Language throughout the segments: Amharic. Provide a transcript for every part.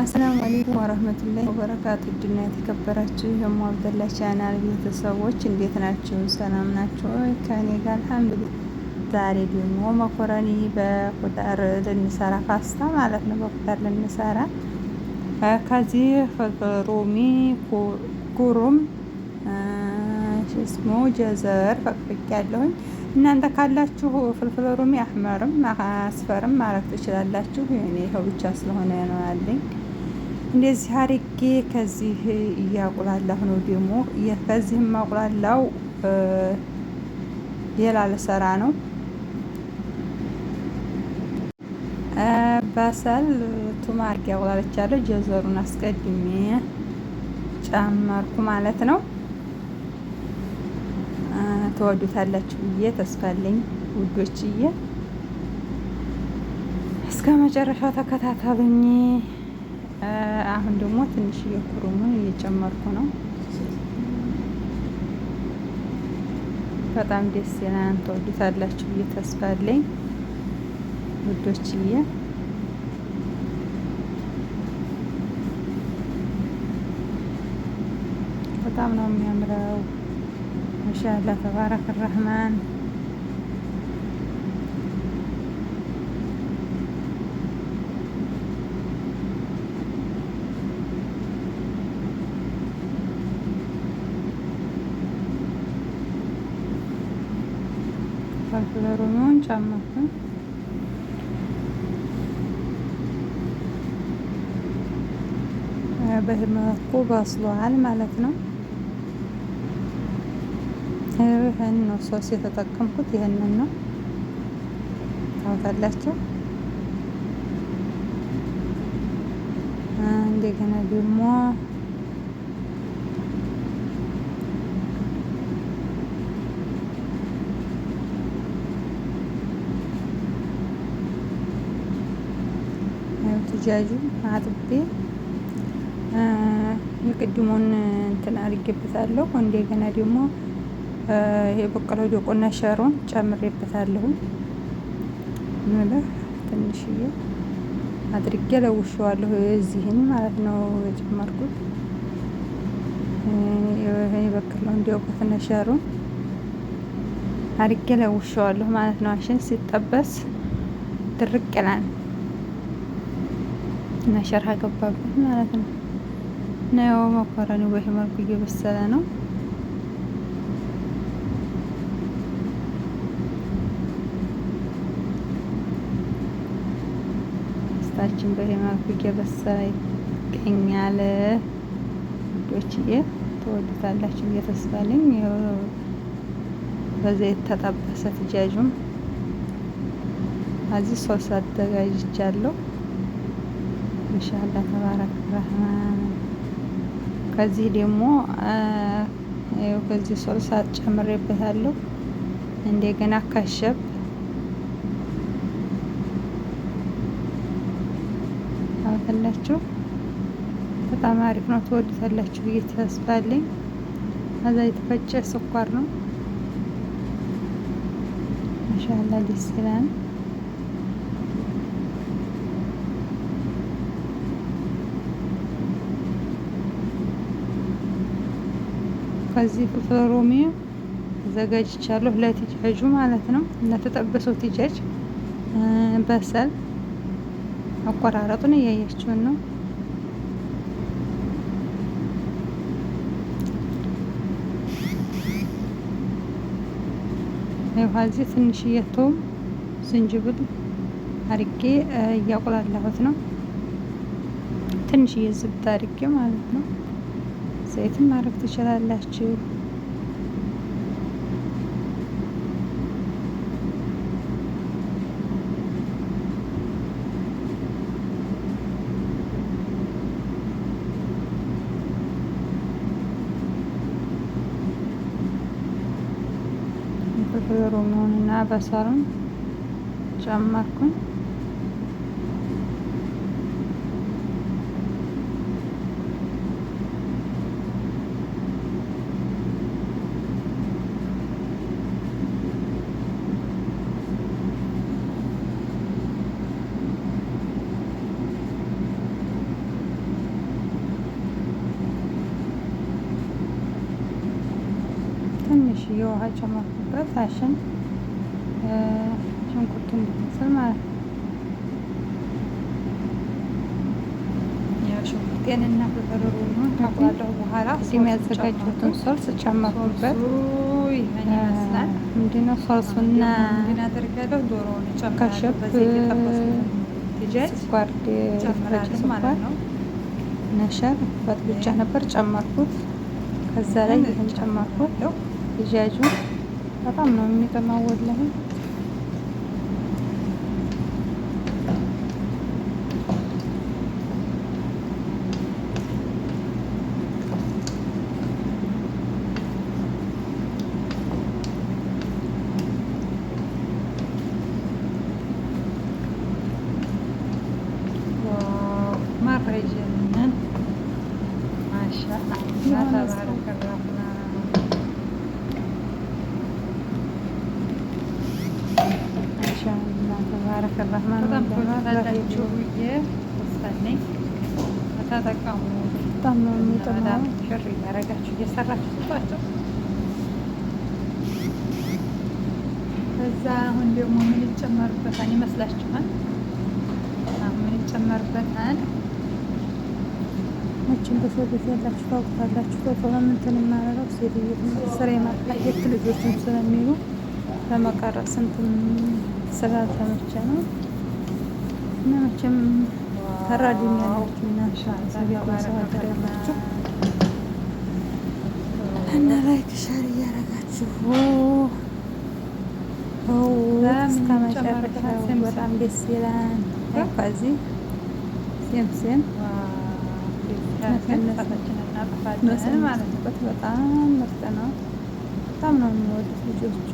አሰላሙ አሌይኩም ወረህመቱላሂ ወበረካቱ። ውድና የተከበራችሁ የሙአብደላ ቻናል ቤተሰቦች እንዴት ናችሁ? ሰላም ናችሁ? ከእኔ ጋር አልሐምዱሊላህ። ዛሬ ደግሞ መኮረኒ በቁጠር ልንሰራ ፓስታ ማለት ነው። በቁጠር ልንሰራ ከዚህ ሮሚ ጉሩም ሽስሞ ጀዘር ፈቅፍቅ ያለሁኝ እናንተ ካላችሁ ፍልፍል ሩሚ አህመርም አስፈርም ማለት ትችላላችሁ። እኔ ይኸው ብቻ ስለሆነ ነው ያለኝ። እንደዚህ አርጌ ከዚህ እያቁላላሁ ነው። ደግሞ ከዚህም ማቁላላው ሌላ ልሰራ ነው። በሰል ቱማርክ ያቁላልቻለሁ። ጀዘሩን አስቀድሜ ጨመርኩ ማለት ነው። ተወዱታላችሁ ብዬ ተስፋ አለኝ ውዶችዬ። እስከ መጨረሻው ተከታተሉኝ። አሁን ደግሞ ትንሽ የኩሩሙን እየጨመርኩ ነው። በጣም ደስ ይላል። ተወዱታላችሁ ብዬ ተስፋ አለኝ ውዶችዬ። በጣም ነው የሚያምረው። ማሻአላ ተባረከ ረህማን kalküler onu önce anlattım. በዚህ መልኩ ማለት ነው። ይህን ነው ሶስ የተጠቀምኩት። ይህንን ነው ታውታላቸው። እንደገና ደግሞ ዱጃጁን አጥቤ የቅድሞን እንትን አድርጌበታለሁ። እንደገና ደግሞ የበቀለው ዶቆና ሸሮን ጨምሬበታለሁ። ምልህ ትንሽዬ አድርጌ ለውሸዋለሁ። እዚህን ማለት ነው የጨመርኩት የበቀለው እንዲወቁትነ ሸሩን አድርጌ ለውሸዋለሁ ማለት ነው። አሽን ሲጠበስ ድርቅ ይላል። እና ሸርሃ ገባብን ማለት ነው። እና ያው መኮረኒ በይህ መልኩ እየበሰለ ነው። ስታችን በይህ መልኩ እየበሰለ ይገኛል። ዶችዬ ተወዱታላችሁ እየተስፋልኝ በዘይት ተጠበሰ ትጃጁም አዚ ሶስ አዘጋጅቻለሁ። ማሻአላ ተባረከ ረህማን። ከዚህ ደግሞ ከዚህ ሶልሳ ጨምሬበታለሁ። እንደገና ከሸብ አወተላችሁ። በጣም አሪፍ ነው፣ ትወዱታላችሁ ብዬ ተስፋ አለኝ። ከዛ የተፈጨ ስኳር ነው። ማሻአላ ደስ ይላል። ከዚህ ክፍለ ሮሚ ዘጋጅቻለሁ ለቲጃጁ ማለት ነው። ለተጠበሰው ቲጃጅ በሰል አቆራረጡን እያያችሁን ነው። ይኸው ትንሽዬ ቶም ዝንጅብል አርጌ እያቁላላሁት ነው። ትንሽ ዝብት አርጌ ማለት ነው። ዘይትም ማድረግ ትችላላችሁ። ፍርፍር ሮማውንና በሰሩን ጨመርኩኝ። የውሃ ጨመርኩበት ፋሽን ሽንኩርቱ እንዲመስል ማለት ነው። ሽንኩርቴንና በበረሮኑ ካቁላለሁ በኋላ ሲም ያዘጋጀሁትን ሶልስ ጨመርኩበት። ምንድነው ሶልሱና ስኳር ነሸር ነበር ጨመርኩት። ከዛ ላይ ይህን ጨመርኩት जैजू पता मम्मी का नाव बदला है Mas já está, já está, já está. ተስፋ ነኝ። ተጠቀሙ። በጣም ነው የሚጠማው። ሽር እያደረጋችሁ እየሰራችሁ ስጧቸው። እዛ አሁን ደግሞ ምን ይጨመርበታል ይመስላችኋል? ምን ይጨመርበታል? መቼም በሰው ቤት ያላችሁ ታውቁታላችሁ። በቶሎ ምንትን የማረረው ሴትየት ስራ የማታየት ልጆችም ስለሚሉ ለመቀረጽ ስንትም ስላልተመቸ ነው። እና መቼም ተራዱኝ ያላችሁ እና ያላችሁ እና ላይክ ሸር እያደረጋችሁ እስከ መጨረሻው በጣም ደስ ይላል። ከዚህ ሴም ሴም በጣም ምርጥ ነው። በጣም ነው የሚወዱት ልጆቹ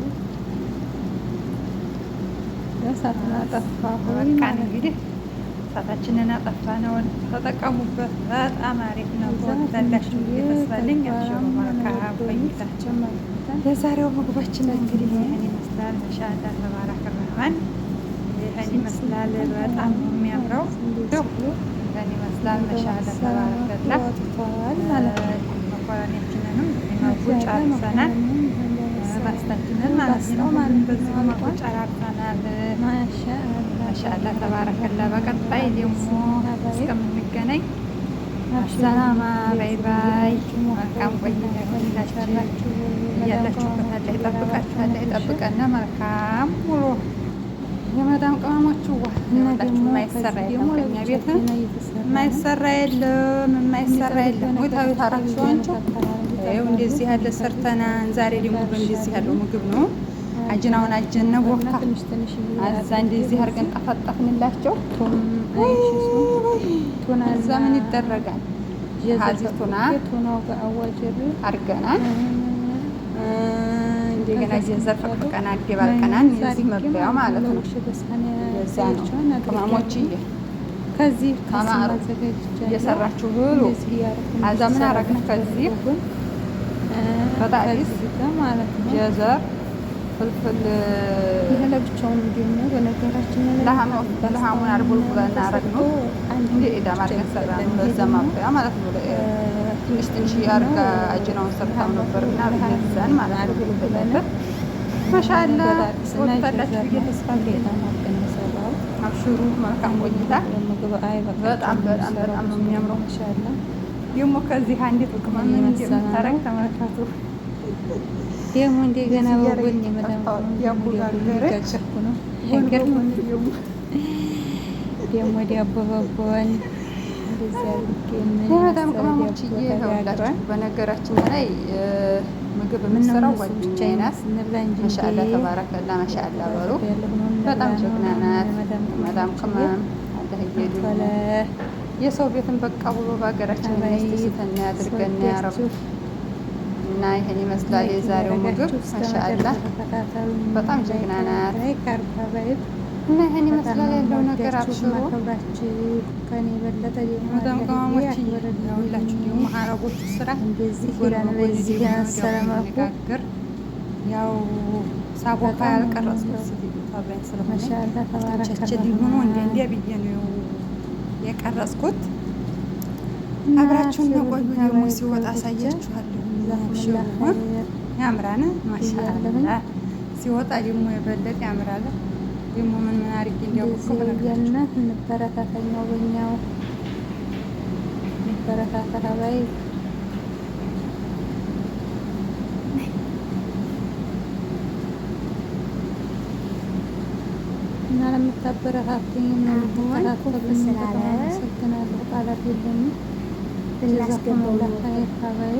ነው። እሳትን አጠፋ በቃን። እንግዲህ እሳታችንን አጠፋ ነው። ተጠቀሙበት። በጣም አሪፍ ነው። የዛሬው ምግባችን እንግዲህ ይህን ይመስላል። መሻላ ተባረክ ረህማን ይህን ይመስላል። በጣም የሚያምረው ይህን ይመስላል። መሻላ ተባረክ ረላ መኮረኔችንንም ተባስተናል ማለት ነው። ማለት በዚህ መቆም ጨራርተናል። ማሻአላ ተባረከላ። በቀጣይ ደግሞ እስከምንገናኝ ሰላማ፣ ባይ ባይ። መልካም ቆይታ እያላችሁበት አለ ይጠብቃችሁ፣ አለ መልካም ውሎ የመዳም ቅመሞቹ የማይሰራ የለም የማይሰራ የለም፣ ያው እንደዚህ ያለ ሰርተናን ዛሬ ደግሞ በእንደዚህ ያለው ምግብ ነው። አጅናውን አጀነ ወካ አዛ እንደዚህ አድርገን ቀፈጠፍንላቸው። ቱና እዛ ምን ይደረጋል? ሀዚህ ቱና አድርገናል። እንደገና ጀዘር ፈቅቀናል፣ ደባልቀናል። እዚህ መብያው ማለት ነው። እዛ ነው ቅመሞችዬ ከዚህ ከማዕረግ እየሰራችሁ ብሉ። አዛ ምን አረግን ከዚህ በጣይስ ማለት ነው። ጀዘር ፍልፍል ለብቻውን ደግሞ በጣም በጣም በጣም ነው የሚያምረው። ማሻአላ ደግሞ ከዚህ አንዲት ጥቅም እንደምታረግ ተመልከቱ። ደግሞ እንደገና በጎን ያቡጋገረችኩ ነው ደግሞ ዳቦ በጣም ቅመሞች እየሆላችሁ በነገራችን ላይ ምግብ የምንሰራው ጓደኛዬ ናት። ማሻአላ ተባረከላ ማሻአላ በሩ በጣም ጀግና ናት። በጣም ቅመም አለ የሰው ቤትን በቃ ብሎ በሀገራችን ያስደስተን ያድርገን ያረብ እና ይህን ይመስላል የዛሬው ምግብ። ማሻአላህ በጣም ጀግና ናት እና ይህን ይመስላል ያለው ነገር አብሽሮ በጣም ቅመሞች ሁላችሁ ደግሞ አረቦቹ ስራ ጋገር ያው ሳቦካ ያልቀረጽኩት ስለሆነ ቸችል ሆኖ እንደ እንዲያ ብዬ ነው የቀረጽኩት። አብራችሁን ቆዩ። ደግሞ ሲወጣ አሳያችኋለሁ። ሽሁን ያምራን ማሻአላ። ሲወጣ ደግሞ የበለጠ ያምራል። ደግሞ ምን ምን አድርጌ እንዲያውቁ ነገርነት እንበረታተኛው በኛው እንበረታታ ባይ ስለምታበረታቱኝ ስለምትከታተሉኝ በጣም አመሰግናለሁ። ቃላት የለኝም። ብናስገባው